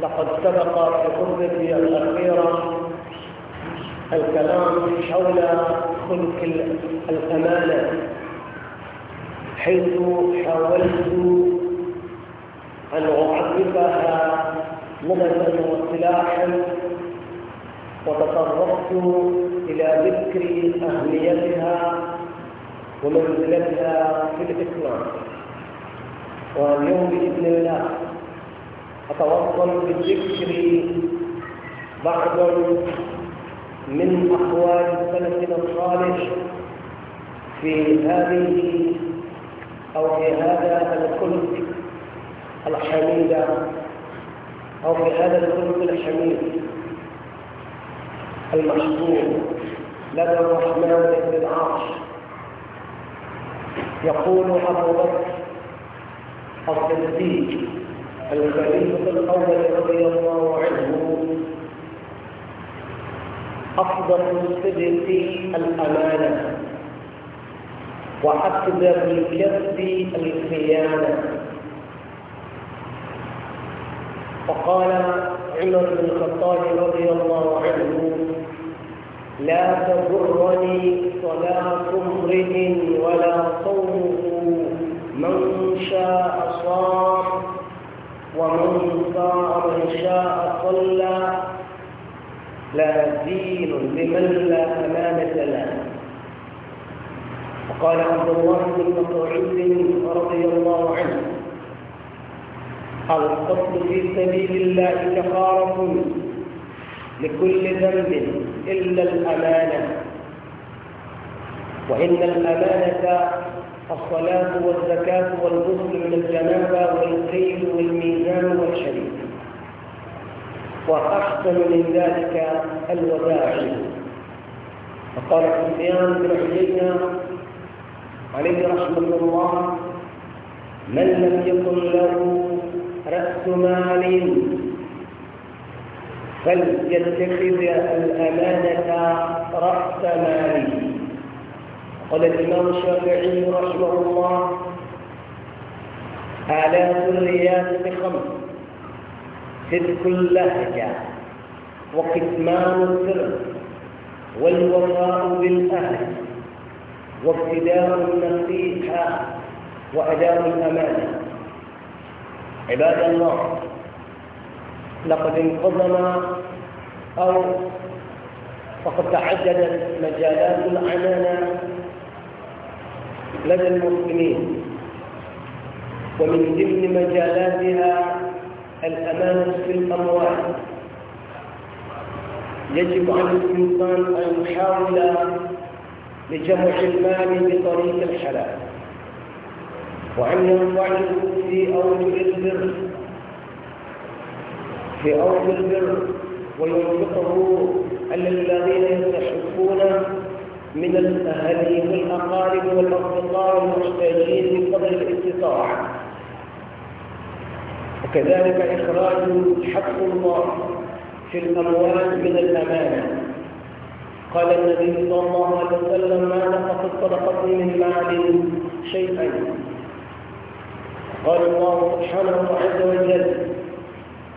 لقد سبق في خطبتي الأخيرة الكلام حول خلق الأمانة حيث حاولت أن أعرفها لغة واصطلاحا وتطرقت إلى ذكر أهميتها ومنزلتها في الإسلام واليوم بإذن الله أتوصل بالذكر بعضا من أقوال سلفنا الصالح في هذه أو في هذا الخلق الحميد أو في هذا الخلق الحميد المحسوب لدى الرحمن بن العرش يقول أبو بكر الصديق الخليفة الأول رضي الله عنه أفضل الصدق الأمانة وأكبر الكذب الخيانة فقال عمر بن الخطاب رضي الله عنه لا تضرني صلاة امرئ ولا صومه من شاء صام لا دين لمن لا أمانة له وقال عبد الله بن مسعود رضي الله عنه القتل في سبيل الله كفارة لكل ذنب إلا الأمانة وإن الأمانة الصلاة والزكاة والغسل من الجنابة والقيل والميزان والشريك وأحسن من ذلك الوداعي فقال سفيان بن عيينة عليه رحمة الله من لم يكن له رأس مال فليتخذ الأمانة رأس ماله قال الإمام الشافعي رحمه الله آلاف الرياض بخمس صدق اللهجة وكتمان السر والوفاء بالأهل وابتداء النصيحة وأداء الأمانة عباد الله لقد انقضنا أو فقد تعددت مجالات العنانة لدى المسلمين ومن ضمن مجالاتها الأمانة في الأموال يجب على الإنسان أن يحاول لجمع المال بطريق الحلال وأن ينفعه في أوجه البر في أوجه البر وينفقه الذين يستحقون من الأهل والأقارب والأصدقاء المحتاجين بقدر الاستطاعة كذلك إخراج حق الله في الأموال من الأمانة قال النبي صلى الله عليه وسلم ما نقص الصدقة من مال شيئا قال الله سبحانه عز وجل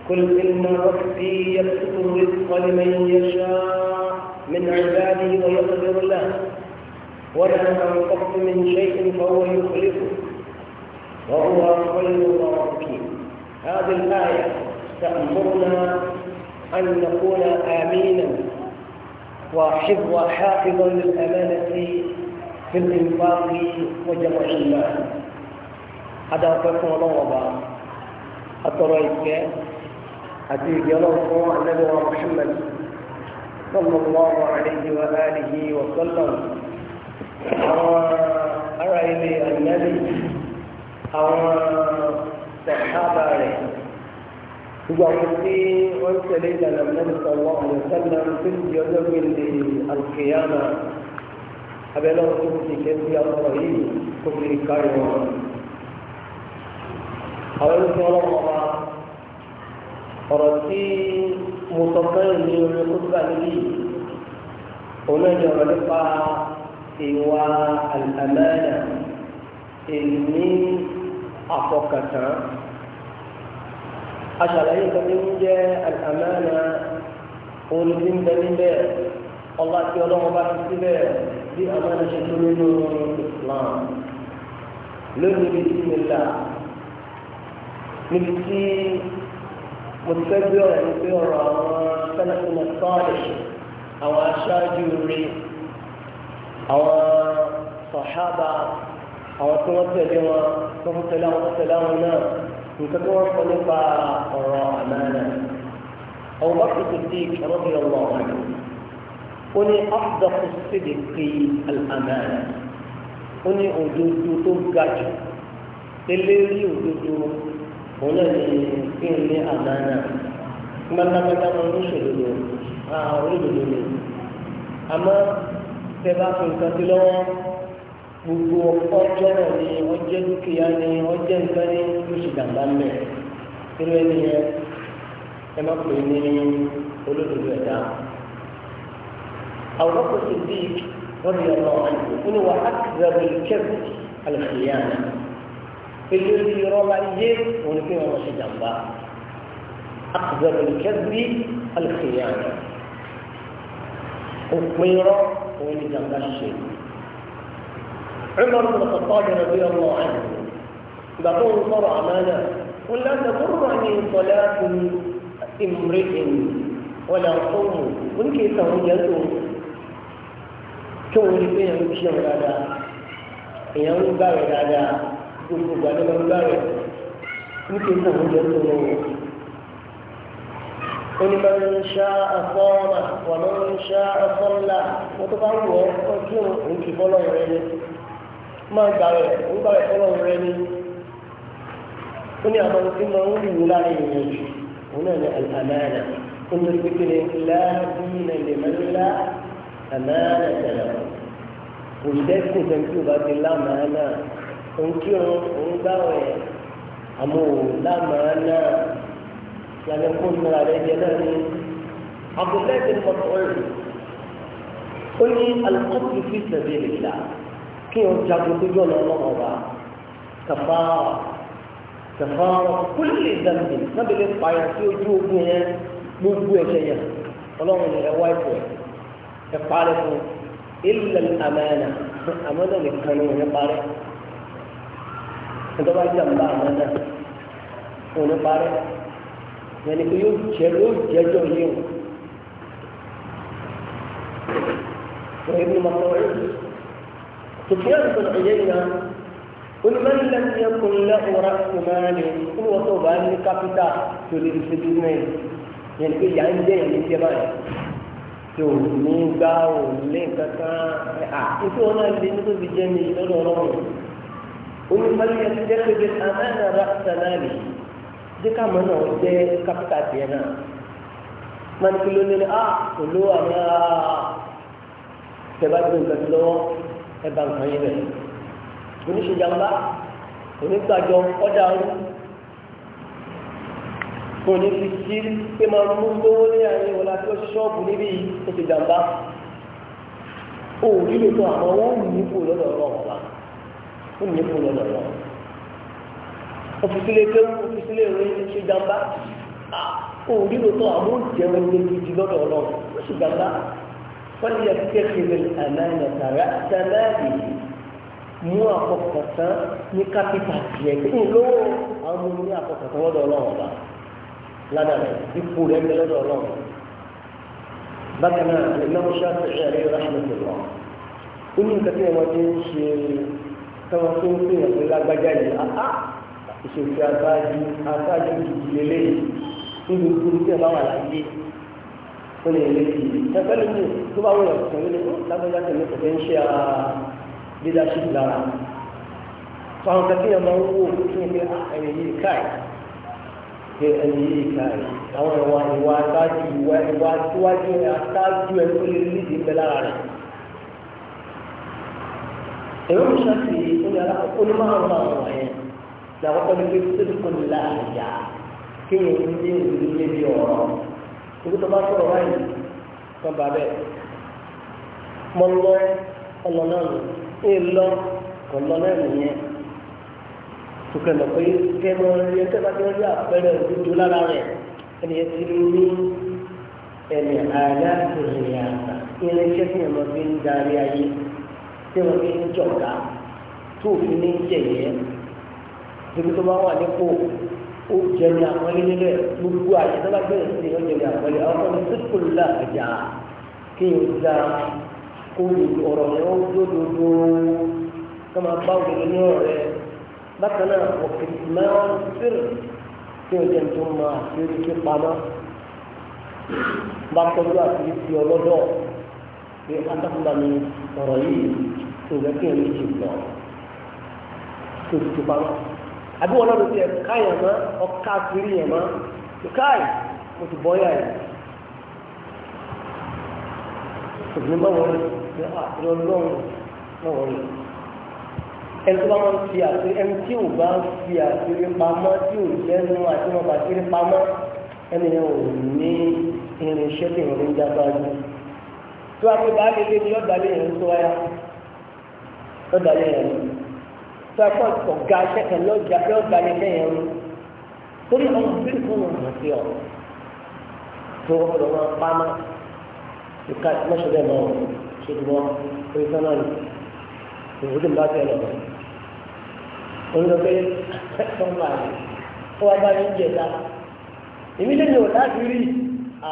قل إن ربي يبسط الرزق لمن يشاء من عباده ويقدر له ولا أنفقت من شيء فهو يخلفه وهو خير الرازقين هذه الآية تأمرنا أن نكون آمينا وحفظ حافظا للأمانة في الإنفاق وجمع المال هذا كفر الله أتريك حتى الله النبي محمد صلى الله عليه وآله وسلم أرى إلي النبي أرى صحابة عليه هو قلتي قلت لنا لم نبي صلى الله عليه وسلم في اليوم من القيامة أبي لو قلتي كيف يا إبراهيم كم من كارمان أول صلى الله عليه قرأتي مصطفين من قطبة لي هنا جرلقا إيوا الأمانة إني àfọkàntán aṣàlàyé nǹkan tó ń jẹ́ àmàna orí tí ń bẹ níbẹ̀ ọlá tí ọlọ́run bá ti síbẹ̀ bí àmàna ṣe tó nínú Islam lónìí bí sinilá níbi tí mo ti fẹ́ gbé ọ̀rọ̀ yìí ọ̀rọ̀ àwọn sẹ́nẹ́tìmọ̀ sọ́ọ̀lì àwọn aṣáájú rí àwọn sọ̀hábà àwọn tí wọ́n tẹ̀lé wọn tó ń tẹ̀lé àwọn tó tẹ̀lé àwọn náà nǹkan tó wọ́n sọ nípa ọ̀rọ̀ àmàlà àwọn bá tuntun sí ọ̀rọ̀ bí ọ̀rọ̀ ọ̀hún ó ní afdọ́kù síbi pé àmàlà ó ní òdodo tó ga jù tẹ́lẹ̀ rí òdodo òun náà ní kí n ní àmàlà gbàgbàgbà máa ń ṣòdodo àwọn olódodo ni àmọ́ tẹ bá fi nǹkan sí lọ́wọ́ gbogbo ọjọ́ náà ni wọ́n jẹ́ dúkìá ni wọ́n jẹ́ nǹkan ní oṣù dàgbà mẹ́ irú ẹni yẹn ẹ má pè ní olódodo ẹ̀dá. àwọn ọkọ̀ ti di wọ́n yọ lọ wọ́n ni wọ́n á zẹ̀rọ ìkẹ́kù àlùfíà náà pẹ̀lú ìrọ̀ bá yé òun kí wọ́n ṣe jàmbá á zẹ̀rọ ìkẹ́kù àlùfíà náà òpin rọ òun ni jàmbá ṣe. عمر بن الخطاب رضي الله عنه بقول صرع مانا قل لا تغرني صلاة امرئ ولا صوم من كيف وجدوا كون بين المشي ولا يوم باوي لا gbogbo gbàdé lọ lọ́rẹ̀ nítorí náà wọ́n jẹ́ tó lọ́wọ́. ó ní máa ń ṣá àfọ́ọ́mà wà máa ń ṣá àfọ́ọ́là wọ́n tó bá wù ọ́ ọdún òun kì í bọ́ lọ́rẹ̀ rẹ̀ máa gbà rẹ̀ ń gbà rẹ̀ fọlọ́run rẹ ni ó ní àwọn tí máa ń wù lára èèyàn jù òun náà ní àmàlà ó ní pípé ní láàbí ní lèmọ́lá àmàlà tẹ̀lẹ̀ òṣìṣẹ́kùn sẹ́ńtì ọba ti lámàánà òun kí òun òun gbà rẹ̀ àmọ́ òun lámàánà yàtọ̀ kó nira rẹ̀ jẹ́ náà ní abdullahi bin mas'ud ó ní alukọ́tù fi sabilillah kí o jagun sójú ọ̀nà ọlọ́run ọba kàfàrà kàfàrà kúlì dàmbì nábìlẹ̀ pààyà sí ojú ogun yẹn gbogbo ẹ̀ṣẹ̀ yẹn ọlọ́run ni ẹ wá ìpò ẹ parí fún ilẹ̀ amẹ́nà amẹ́nà nìkan ni wọ́n parí ìjọba ìjàmbá amẹ́nà wọ́n parí yẹn ni pé yóò jẹ́ yóò jẹ́jọ́ yìí o. وابن مطعوم سفيان بن عيينة قل من لم يكن له رأس مال قل وطوبى أن كابتا تريد سبيلين يعني كي عندي يعني كمان tó ní gbá ò lé kankan à ikú wọn náà lé nítorí fi jẹ mi lọ́dọ̀ ọlọ́run omi mali yẹn ti jẹ́ pé amáyà rà sanari jẹ́ ká mọ̀ náà jẹ́ kápítà tiẹ̀ náà mani kí ló ní ní a kò ló àwọn tẹ̀bá gbé nǹkan ti lọ́wọ́ ẹ bá nǹkan yín bẹ̀. oníṣèjàmbá onígbàjọ ọ̀dà ọ̀run kò ní fi sí pé máa mú gbówó ní àárín wọn láti lọ ṣọ́ọ̀bù níbí oníṣèjàmbá òun nílò tó àwọn wọn ò ní kó lọ́dọ̀ ọlọ́run wa ó ní kó lọ́dọ̀ ọlọ́run òfìsílẹ̀ kéwù òfìsílẹ̀ ìwé oníṣèjàmbá òun nílò tó àwọn ò jẹun ní gidi lọ́dọ̀ ọlọ́run ó sì jàmbá. فليتخذ الأمانة رأس ماله موافقة نكابيتاتيك إيه، لو أمو موافقة ودو لونبا لا لا لا لا لا لا بكنا لأنه رحمة الله كل كثير ما تنشي تواصل فيه في ó lè lè fi ẹgbẹ́lú mi tó bá wọ̀nyàn kan ló lè ó lágbájá tẹ̀lé kò ń ṣe à ah, leadership lára tó àwọn kẹ́kẹ́ yẹn máa ń wò fún mi pé ẹni yìí káì pé ẹni yìí káì àwọn ìwà ìwà àtàjù ìwà ìwà àtiwájú àtàjù ẹni tó lè lídìí bẹ lára rẹ̀ èrò mi ṣáàtì oní alákọ̀ọ́kọ́ ní máa ń bá àwọn wọ̀nyẹn ní àkọ́kọ́ ní pé sídìkọ́ ní láàyà kéèyàn torí tó bá sọ̀rọ̀ báyìí wọ́n bá bẹ́ẹ̀ mọ́ lọ ọ̀nà náà nù ń lọ kò lọ náà nìyẹn tukẹ̀ mọ̀ pé kẹ́mọ́ rí ẹgbẹ́ bá jẹ́ rí àpẹẹrẹ òdodo lára rẹ̀ ẹni yẹn ti ní ẹ̀mí ààrẹ ìrìn àgbà irinṣẹ́ tí wọ́n fi ń darí ayé tí wọ́n fi ń jọ̀gá tó fi ní jẹ̀yẹ́ ibi tó bá wà nípò ó jẹ ní àpọ́nlé nílẹ̀ gbogbo àyè tó bá bẹ̀rẹ̀ sí ó jẹ ní àpọ́nlé àwọn ọmọ sípò ńlá àjà kí n da kó ọ̀rọ̀ rẹ̀ ó dódòdó kí wọ́n bá òdodo ní ọ̀rọ̀ rẹ̀ bákan náà ọ̀kìtì máa ń fèrè kí n jẹ tó máa fi orí tó pamọ́ bá tọ́jú àti fi ọlọ́dọ̀ pé adákùnlá ni ọ̀rọ̀ yìí tó yẹ kí n lè jù lọ tó ti pamọ́ àbí wọn náà ló ti ẹ̀ka yẹn mọ́ ọ̀ka kiri yẹn mọ́ ìkáì mo ti bọ́ yà yẹn. òbí bá wọlé ṣe àtúrọ lọ́wọ́ náà wọlé. ẹni tó bá máa ń fi àṣírí ẹni tí ò bá ń fi àṣírí pamọ́ tí ò lẹ́nu àti wọn bá ṣírí pamọ́ ẹni yẹn ò ní irinṣẹ́ tí ìrìn já bá yẹn. tó a pé báyìí lé ní ọ̀dàlẹ̀ yẹn tó wáyà ọ̀dàlẹ̀ yẹn sọ́kọ́ ọ̀gá akẹ́kọ̀ọ́ lọ́jà lọ́gbà ní lẹ́yìn ọ̀run torí ọmọ bíi fún wọn hàn sí ọ tó wọn lọ wọn pamọ́ ìka mọ́ṣọ́lẹ̀ náà ṣètùmọ́ orí sọ́nà ní òwò tó ń bá tẹ̀ lọ. olùdókè ẹ̀fọ́n máa ní ó wá bá yín jẹ ta èmi lè ní ọ̀tá ti à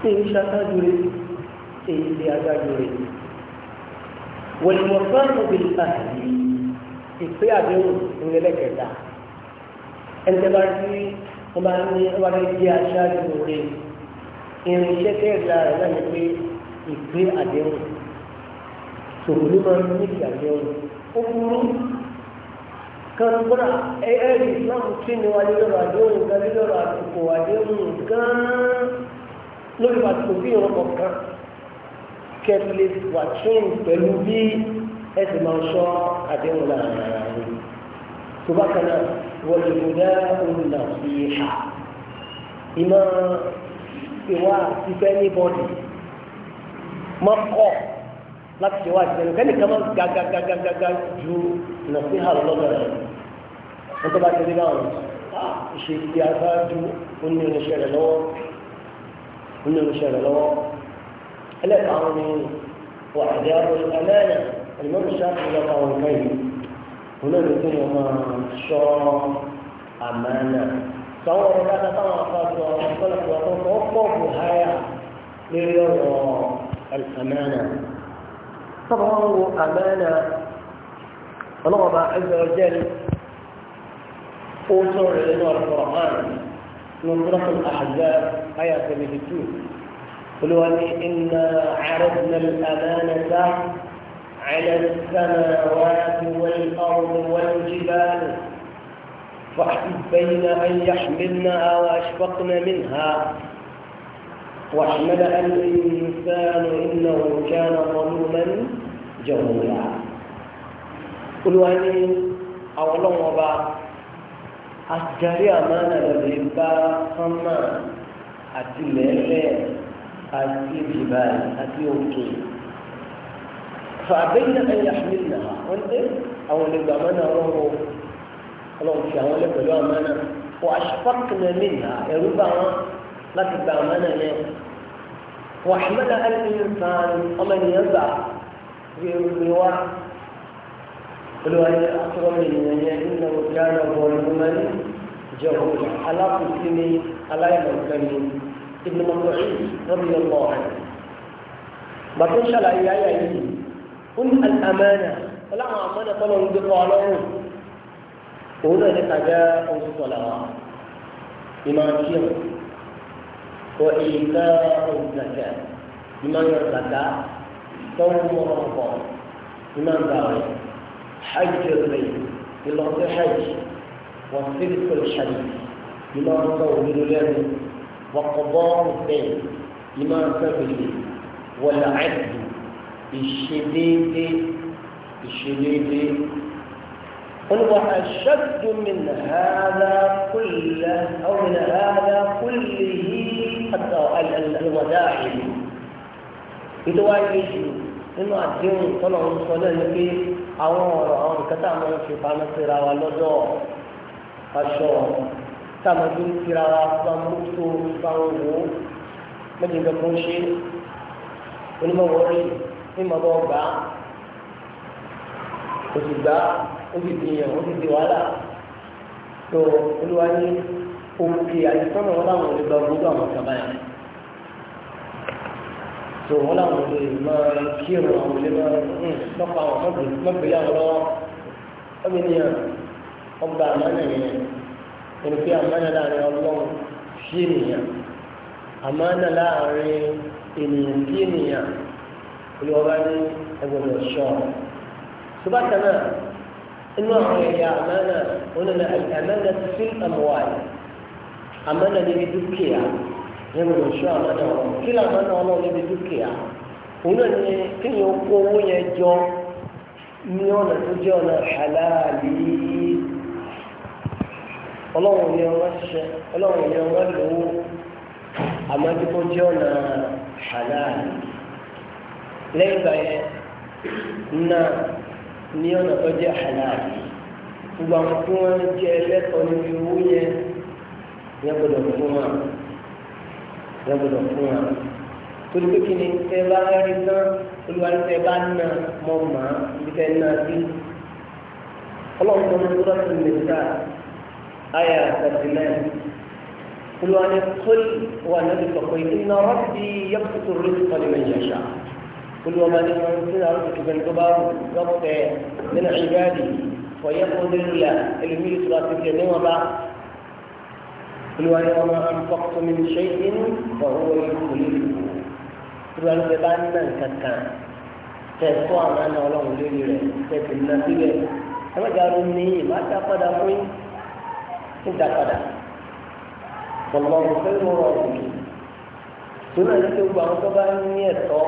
ṣé ìṣàkájú ṣé ìṣe àgbájú wọ̀lùmọ̀fáàmù bí ìfàhàlì ìpé àdéhùn ìrẹ̀lẹ́kẹta ẹnìtẹ́bà tí wọ́n bá ní ọba rẹ̀ jẹ́ aṣáájú rẹ̀ irinṣẹ́ kẹrìnlá rẹ̀ náà ni pé ìpé àdéhùn tòun ló máa ń ní ìgbà àdéhùn ó burú kan gbọ́dọ̀ ẹ̀ẹ́dì ìsìláàmù tí ni wà nílọ́rọ̀ àdéhùn gan nílọ́rọ̀ àdéhùn gan lórí pàtó bí ìrọ̀kọ̀ kan kẹ́lẹ́ wà tún pẹ̀lú bí ẹ sì máa ṣọ́ àdéhùn láàrin ara rẹ̀ tó bá kan náà wọ́n lè mú dá òun náà sí ha ìmọ̀ ìwà àti bẹ́ẹ̀ ní bọ́ọ̀dì mọ́ kọ́ láti ṣe wá ìṣẹ̀lẹ̀ kẹ́ni kan máa gàgàgàgàgà ju nàfíhà lọ́dọ̀ rẹ̀ wọ́n tó bá ti rí báwọn ah, ṣe ti aṣáájú onírinṣẹ́ rẹ̀ lọ́wọ́ onírinṣẹ́ rẹ̀ lọ́wọ́. الأكعرمين وأحجار الأمانة المنشا الشافعي إلى قولين هنا يكون هما شرع أمانة سواء كان طبعا فاتوا وصلت وتوقف هاي ليرى الأمانة طبعا أمانة الله عز وجل أوصر إلى القرآن من سورة الأحزاب آية 32 قلوا إنا عرضنا الأمانة على السماوات والأرض والجبال فأحبين أن يحملنها وأشفقن منها وحمل الإنسان إنه كان ظلوما جهولا قلوا أني أولا وبا أتجري أمانة لبا سما أتلي قال هذه الجبال هذه يمكن فأبين أن يحملنها وانتظر أو اللي دعمنا روحه الله سبحانه وتعالى قال وأشفقنا منها ربما ما تدعمنا له وحمل الإنسان ومن يضع في الرواء قالوا أن أكثر من أن إنه كان ظلما جهولا ألا تسلمي ألا يمكنني ibn Mas'ud radiyallahu anhu bàtún ṣàlàyé ayé yìí ó ní al-amana ọláwọn amánà tọ́lọ̀ ń gbé kọ́ ọlọ́run òun náà ní kàjá oṣù tọ̀là wa ìmọ̀ àkíyàn wọ ìka òǹkàkà ìmọ̀ àkàkà tọ́wọ́ mọ́kànkọ́ ìmọ̀ àgbàwẹ̀ hajj rẹ̀ ìlọ́sẹ̀ hajj wọ́n fi kọ́ ìṣàlẹ̀ ìmọ̀ àkàkà òdodo lẹ́nu. وقضاء الدين إمام فقهي والعبد الشديد الشديد هو أشد من هذا كله أو من هذا كله حتى الوداعي إذا أجل إنه اعطيني صلى الله لكي وسلم في أمور أمور كتابة في فانسرة ولدو أشور táàmù tó ń tira wa bá mú tó bá ń wò ó méjì nǹkan kan ṣe onímọ̀ wọlé ní màbá ọgbà òsì gbà ó sì di yàn ó sì di wàhálà tó olúwa ní òkè àyíkọ́nà wọn láwọn olè gba gbogbo àwọn kaba yẹn tó wọn láwọn olè máa kí àwọn olè máa ń hmm, lọ́pàá àwọn lọ́wọ́ ọ̀gbìn yẹn ọgbà àmọ́ nìyẹn ẹni pé àmánà láàrin ọlọ́run sí ènìyàn àmánà láàrin ènìyàn sí ènìyàn olùwọ́ba ní ẹgbẹ̀rún ṣọ́ subakana inú àwọn ẹ̀yà àmánà onínà àmánà sí àmúwáyé àmánà níbi dúkìá ẹgbẹ̀rún ṣọ́ àmánà ọ̀rọ̀ kí ló àmánà ọlọ́run níbi dúkìá òun náà ní kéèyàn kó owó yẹn jọ ní ọ̀nà tó jẹ́ ọ̀nà àlàálì yìí. ọlọ́run ni wọ́n ṣe ọlọ́run ni wọ́n lò ó jẹ́ ọ̀nà halal lẹ́yìn ìgbà yẹn náà ní ọ̀nà tó jẹ́ halal gbogbo àwọn tí wọ́n ń jẹ ẹlẹ́tọ̀ọ́ níbi owó yẹn yẹn fún wa yẹn fún wa torí pé kí ni bá tán olùwárí bá nà ibi nà sí ọlọ́run tó ń آية الزمان قل وأنا قل وأنا قل إن ربي يبسط الرزق لمن يشاء قل وما لمن سنة رزق بن كبار ضبط من عبادي ويقدر له الميل ثلاثة جنيه وضع قل وأن وما أنفقت من شيء فهو يخلفه قل وأن يبان من كتان تسوى معنا ولو ليلي تسوى معنا ولو ليلي تسوى معنا ولو ليلي أما قالوا مني ما تقدر ń dá padà ọlọ́run fẹ́ mú ọ sí i torí ẹni tó gba àwọn tó bá ní ẹ̀tọ́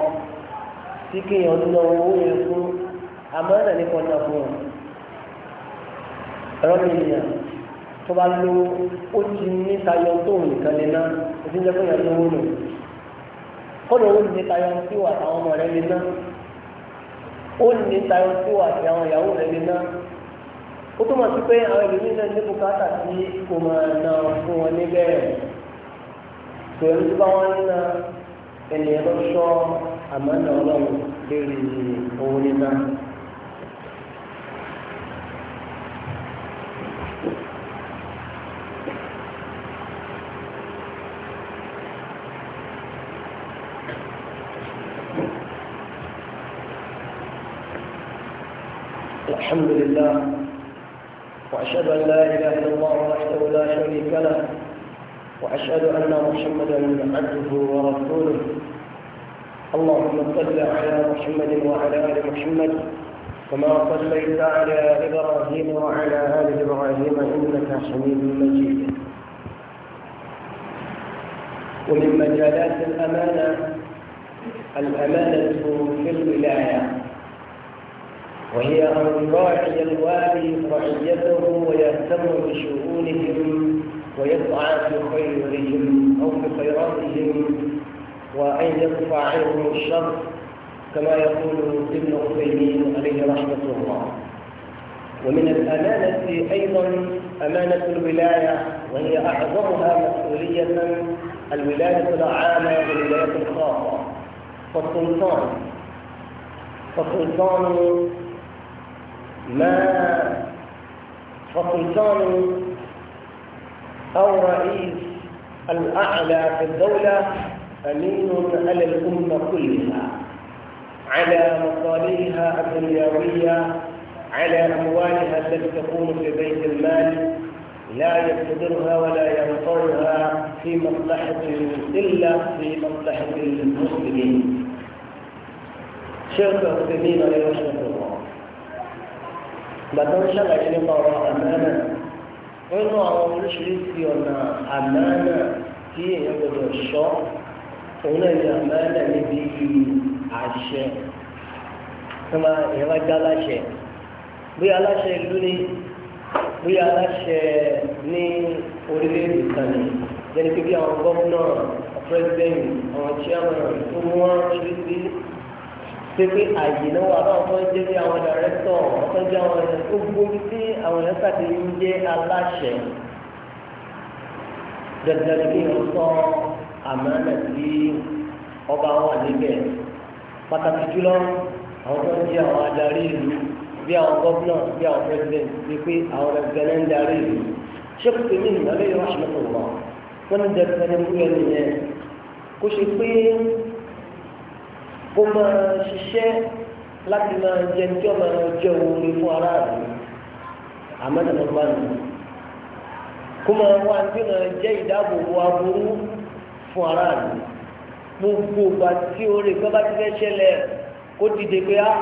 tí kéèyàn ná owó yẹn fún àmọ́ ẹ̀rọ ní kọ́ńtà fún wọn ẹ̀rọ mi nìyà tó bá lo ó ti ní tayọ tó nìkan lè ná ó ti jẹ́ fún ìyàtọ̀ owó nù kọ́nà ó ní tayọ tí wà táwọn ọmọ rẹ lè ó ní tayọ tí wà tí àwọn ìyàwó rẹ lè ó tó máa ti pé àwọn ìlú nílẹ̀ ní bùkátà tí kò máa na fún wọn níbẹ̀ pẹ̀lú tí bá wọn ń na ènìyàn lọ sọ àmọ́nà ọlọ́run lérí owó níná. الحمد لله وأشهد أن لا إله إلا الله وحده لا شريك له وأشهد أن محمدا عبده ورسوله اللهم صل على محمد وعلى آل محمد كما صليت على إبراهيم وعلى آل إبراهيم إنك حميد مجيد ومن مجالات الأمانة الأمانة في الولاية وهي أن يراعي الوالي رعيته ويهتم بشؤونهم ويسعى في خيرهم أو في خيراتهم وأن يدفع عنهم الشر كما يقول ابن عثيمين عليه رحمة الله ومن الأمانة أيضا أمانة الولاية وهي أعظمها مسؤولية الولاية العامة والولاية الخاصة فالسلطان فالسلطان ما فسلطان أو رئيس الأعلى في الدولة أمين على الأمة كلها على مصالحها الدنيوية على أموالها التي تكون في بيت المال لا يقتدرها ولا ينصرها في مصلحة إلا في مصلحة المسلمين شيخ عثيمين رحمه gbàtọ́ ń ṣàlàyé nípa ọ̀rọ̀ àmánà nínú àwọn oríṣiríṣi ọ̀nà àmánà tí èèyàn gbọdọ̀ ṣọ́ òun náà ní àmánà níbi àṣẹ tó máa èèyàn bá já láṣẹ bóyá aláṣẹ ìlú ni bóyá aláṣẹ ní orílẹ̀-èdè kan ni lẹ́ni bí àwọn gómìnà pírẹ́sidẹ́ǹtì àwọn chairman tó mú wọn ṣe sí ṣe pé àyè náà wà báwọn tó ń jẹ́ bí àwọn dàrẹ́tọ̀ tó ń jẹ́ àwọn ẹ̀yàn tó gbóbi tí àwọn ẹ̀yàn sàti ń jẹ́ aláṣẹ dandan kí n sọ àmàlà tí ọba wà níbẹ̀ pàtàkì jùlọ àwọn tó ń jẹ́ àwọn adarí ìlú bí àwọn gọ́vnà bí àwọn pẹ́sidẹ̀ntì ṣe pé àwọn ẹgbẹ̀rẹ̀ ń darí ìlú ṣé kò tèmi ìgbàlẹ́ kó máa ṣiṣẹ́ láti máa jẹ tí ọmọ ẹ̀rọ jẹ́ oore fún aráàlú àmọ́tẹ̀lọ́gbà nù kó máa wá tí máa jẹ́ ìdáàbòbò aburú fún aráàlú gbogbo ìgbà tí oore kan bá ti fẹ́ ṣẹlẹ̀ kó dìde pé á ah!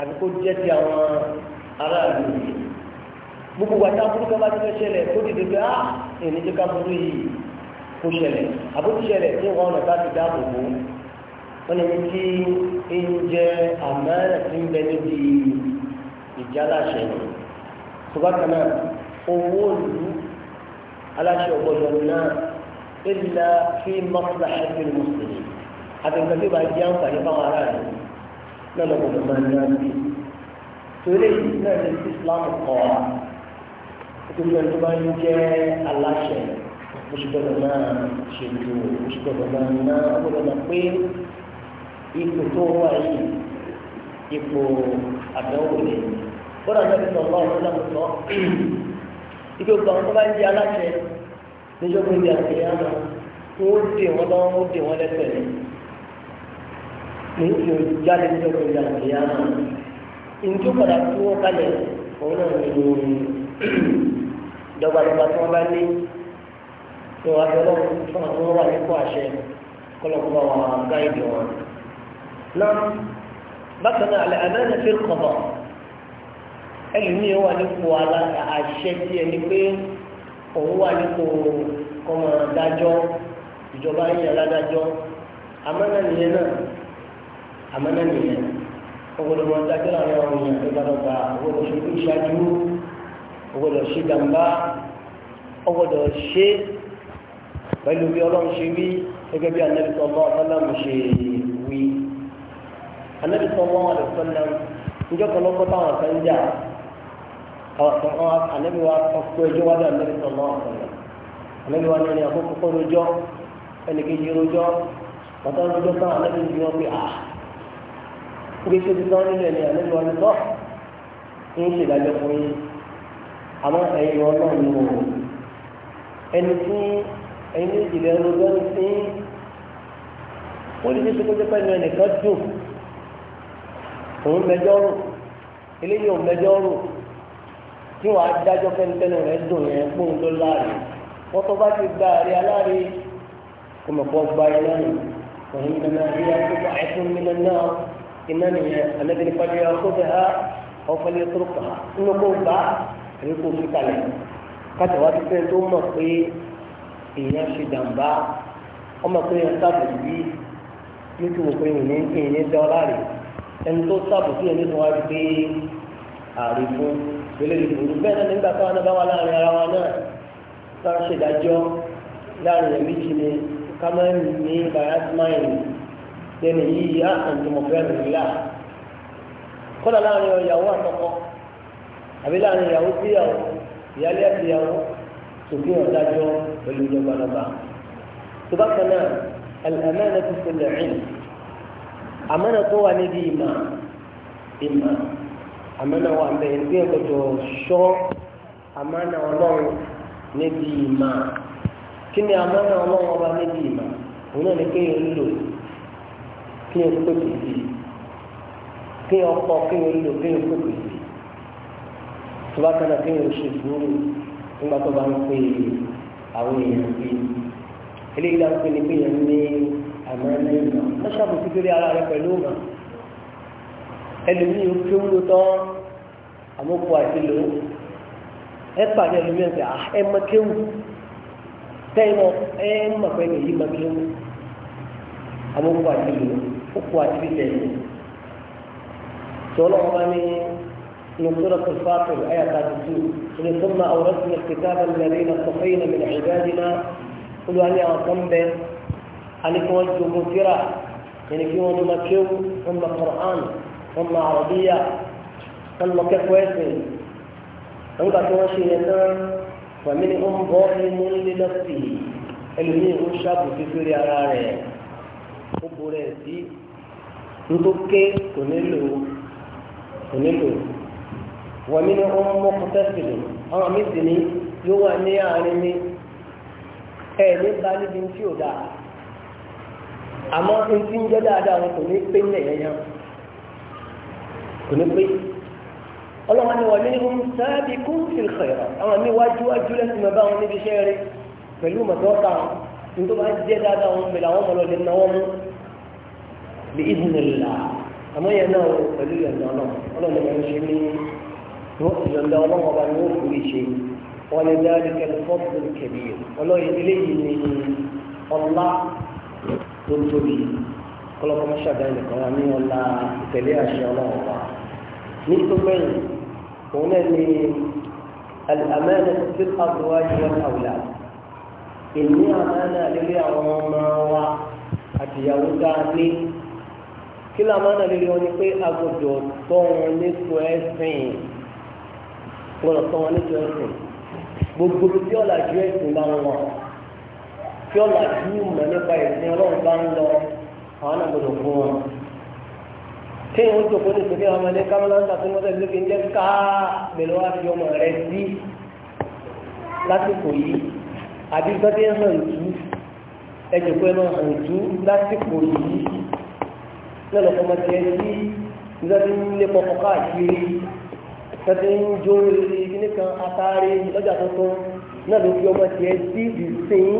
àti kó jẹ́ ti àwọn aráàlú yìí gbogbo ìgbà tí aburú kan bá ti fẹ́ ṣẹlẹ̀ kó dìde pé á ah! ènìjẹ́ ká burú yìí kó ṣẹlẹ̀ àbójúṣẹlẹ̀ tí wọ́n ọ̀nà bá ti dáàbòbò wọ́n ní kí ń jẹ àmọ́ràn tí ń bẹ níbi ìjáláṣẹ ni ṣùgbọ́n owó ìlú aláṣẹ ọ̀gbọ́dọ̀ náà ìlà fi mọ́tàlá ṣẹ́fìn mùsùlùmí àtẹ̀gbẹ́ tí ó bá jẹ́ àǹfààní fáwọn aráàlú náà lọ́gbọ̀dọ̀ máa ń náà bí torí náà ní Islam kọ́ wa nítorí tó bá ń jẹ́ aláṣẹ oṣù gbọ́dọ̀ náà ṣètò oṣù gbọ́dọ̀ náà náà gbọ́dọ̀ náà pé ipò tó wà yìí ipò àdánwò lè kódà náà fi sọ̀rọ̀ ọ̀rọ̀ náà sọ ike gbogbo àwọn tó bá ń di aláṣẹ níjọ́ pé di àti ìyá náà tó ó dè wọ́n lọ́wọ́ ó dè wọ́n lẹ́sẹ̀ ní ní ìlú jáde níjọ́ pé di àti ìyá náà ìjọ padà tí wọ́n kalẹ̀ òun náà ní ìjọba tí wọ́n bá ní tó lọ́wọ́ fún àwọn wà nípò àṣẹ kọ́lọ́kọ́ wọn gáìdì wọn náà بقنا على àmánà في القضاء ẹlòmíì wà nípò àṣẹ tí ẹni pé òun wà nípò kọ́mọ dájọ́ ìjọba ń yàrá dájọ́ àmánà nìyẹn náà àmánà nìyẹn ogodo wọn dájọ́ láàrin àwọn èèyàn tó bá dọ̀gba ogodo ṣe kú ìṣáájú ogodo ṣe jàmbá ogodo ṣe pẹ̀lú bí ọlọ́run ṣe wí gẹ́gẹ́ bí anabi sọ̀rọ̀ ọ̀sán náà ṣe èyí anabi sallallahu alaihi wasallam njẹ kọlọkọ táwọn kan jà àwọn kan ọ anabi wa kọ ẹjọ́ wájú anabi sallallahu alaihi wasallam anabi wa ní ẹni àkókò kọ rojọ́ ẹni kejì rojọ́ bàtà rojọ́ táwọn anabi ń yọ pé a gbé tó ti tán nínú ẹni anabi wa ní tọ ń ṣe ìdájọ́ fún yín àmọ́ ẹ̀yin Ọlọ́run ni mo wò ẹni tí ẹ̀yin méjìlélógún ti ń ó lè ní sọkọjọ pẹ̀lú dùn òun mẹjọ rò eléyìí òun mẹjọ rò tí wàá dájọ́ fẹ́ntẹ́nu rẹ̀ dùn yẹn fóun tó láàrin wọ́n tó bá ti gba àrí aláàrí kò mọ̀ pọ̀ gba ẹ̀ lẹ́nu òun nana rí akókò àìsàn nínú náà iná nìyẹn alẹ́bìnrin pàdé akókò ha ọ̀fọ̀lẹ́ tó kà á nínú kó gbà èyí kò fi kalẹ̀ káta wá ti fẹ́ tó mọ̀ pé èèyàn ṣe dàmbá ọmọ pé èèyàn sábẹ̀ bí yóò ti wò pé èèyàn ń dán ẹni tó sábò sí ẹni tó wá rí pé àrìbó pẹ̀lú ìbòrú bẹ́ẹ̀ náà nígbà táwọn náà bá wà láàrin ara wa náà bá ń ṣèdájọ́ láàrin ẹ̀mí jì ní kámẹ́rin ní bayasmain lẹ́nu yìí àǹtọ̀mọ̀fẹ́ ah, rẹ̀ nílà kọ́dà láàrin ìyàwó àtọkọ àbí láàrin ìyàwó síyàwó ìyálé àtìyàwó tòbí ọ̀dájọ́ pẹ̀lú ìjọba lọ́ba tó bá kan náà alẹ́ àmẹ́ àmọ́nà tó wà níbi ìmọ̀ ìmọ̀ àmọ́nà wà bẹ́ẹ̀ ní ẹ̀kọ́jọ́ ṣọ́ àmọ́nà ọlọ́run níbi ìmọ̀ kí ni ọlọ́run ọba níbi ìmọ̀ òun náà ní kéèyàn lò kéèyàn pèpè sí kéèyàn kọ́ kéèyàn lò kéèyàn pèpè sí tó bá kánà kéèyàn ṣe sùúrù nígbà tó bá ń pè àwọn èèyàn eléyìí ní kéèyàn ní. àmọ́ lẹ́yìn náà wọ́n ṣàbùkù torí ara rẹ pẹ̀lú ọ̀gá ẹlòmíì ó kí ó lò tán àmókù àti lò ó ẹ pàdé ẹlòmíì ẹ̀ ah, ẹ mọ kéwù tẹ́yìn ẹ mọ̀ pé èyí mọ kéwù àmókù àti lò ó ní من سورة الكتاب الذين اصطفينا من عبادنا قلوا أن يعصم aliki wọn jogun fira yẹni kí wọn ma kéwù wọn ma Qur'an wọn ma arabiya wọn ma kẹ́kọ̀ọ́ ẹsẹ̀ wọn kà tí wọn ṣe yẹn tán wàmí ni wọn bọ ẹnu lílọ sí ẹlòmíì ń ṣàbù fífúri ara rẹ̀ ó borí ẹ sí ntókè ni wọn mọ kọtẹsìlì ni yóò wà ní àmọ́ etí ń jẹ́ dáadáa wọn kò ní pé ní ẹ̀yẹ́ yẹn kò ní pé ọlọ́wọ́n ni wọ́n ní wọ́n sáábì kún fìlìkọ̀ yọ̀ àwọn mi wájú wájú lẹ́sìn mọ́ bá wọn níbi iṣẹ́ rẹ pẹ̀lú mọ̀tọ́ta wọn nítorí wọ́n á jẹ́ dáadáa wọn pẹ̀lú àwọn ọmọlọ́ọ̀lẹ́ náà wọ́n mú bí ìdùnnìlá àmọ́ yẹn náà pẹ̀lú ìyọ̀ǹda ọlọ́run ọlọ́run ló ń ṣe ní wọ́n kò tó tóbi kọlọ́kọ́ mọ́ṣáda ẹnìkan wa ní ọ̀la ìtẹ̀lé àṣẹ ọlọ́run wa ní tó gbẹ̀yìn òun náà ní àmẹ́rẹ́ tí àbúwájú wọn àwùlà ìní àmẹ́rẹ́ lórí àwọn ọmọ wa àtìyàwó tá a ní kí ló àmẹ́rẹ́ lórí wọn ni pé agbọ̀dọ̀ tọ́ wọn nítorí ẹ̀sìn gbọ́dọ̀ tọ́ wọn nítorí ẹ̀sìn gbogbo tí ọ̀làjú ẹ̀sìn bá wọn tí ọ̀là tí ìmọ̀ nípa ìsìn ọlọ́run bá ń lọ àwọn náà gbọdọ̀ fún wọn. tí ìwọ́n tó kó ní ìsìnkú àwọn ọmọdé kámẹ́láńtà tó mọ́tò ìlú kí n jẹ́ ká mélòó wá fi ọmọ rẹ sí lásìkò yìí àbí gbọ́dọ̀ ń hàn jù ẹjọ́ pé máa hàn jù lásìkò yìí náà lọ́kọ́ máa tiẹ̀ sí ìgbàdí ń pọpọ káàkiri tẹ́tí ń jó ìrìn kíníkan atari lọ́jà tuntun náà ló fi ọmọ tiẹ̀ sí ìsìn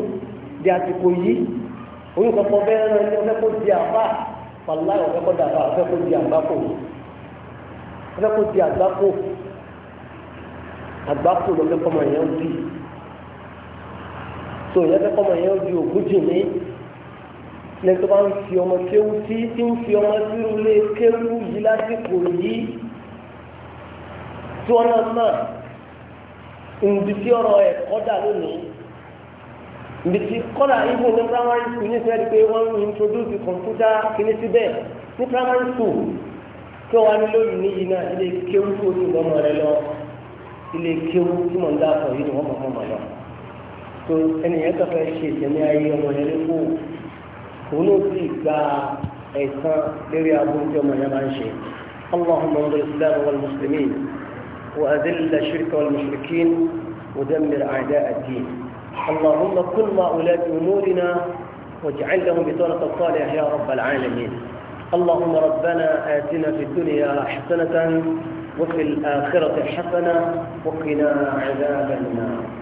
di àsìkò yìí oyún kan kọ́ bẹ́ẹ̀ rán ní ọ̀fẹ́ kó di àbá pàlá ọ̀fẹ́ kó dàbá ọ̀fẹ́ kó di àgbákò ọ̀fẹ́ kó di àgbákò àgbákò lọ́fẹ́ kọ́mọ yẹn ń bì tó yẹn fẹ́ kọ́mọ yẹn ń di ògúnjì ní lẹ́yìn tó bá ń fi ọmọ kéwú tí tí ń fi ọmọ sírú lé kéwú yìí lásìkò yìí tí wọ́n náà mọ̀ níbi tí ọ̀rọ̀ ẹ̀kọ́ dà lónìí bìtì kọ́dà ibo ní primary school ní sẹ́yìn pé wọ́n ń introduce computer kìíní síbẹ̀ ní primary school kí wọ́n á ní lóyún níyì náà ilé kéwú tó ní ìbọn rẹ lọ ilé kéwú tí mò ń dá àpọ̀ yìí ni wọ́n mọ̀ mọ̀ lọ. tó ẹnìyẹn kan fẹ́ ṣe ìtẹ̀mí ayé ọmọ yẹn lóko òun ló sì gba ẹ̀sán lórí aburú tí ọmọ yẹn máa ń ṣe. اللهم انصر الاسلام والمسلمين واذل الشرك والمشركين ودمر اعداء الدين اللهم كن مع ولاة أمورنا واجعل لهم بطانة الصالح يا رب العالمين اللهم ربنا آتنا في الدنيا حسنة وفي الآخرة حسنة وقنا عذاب النار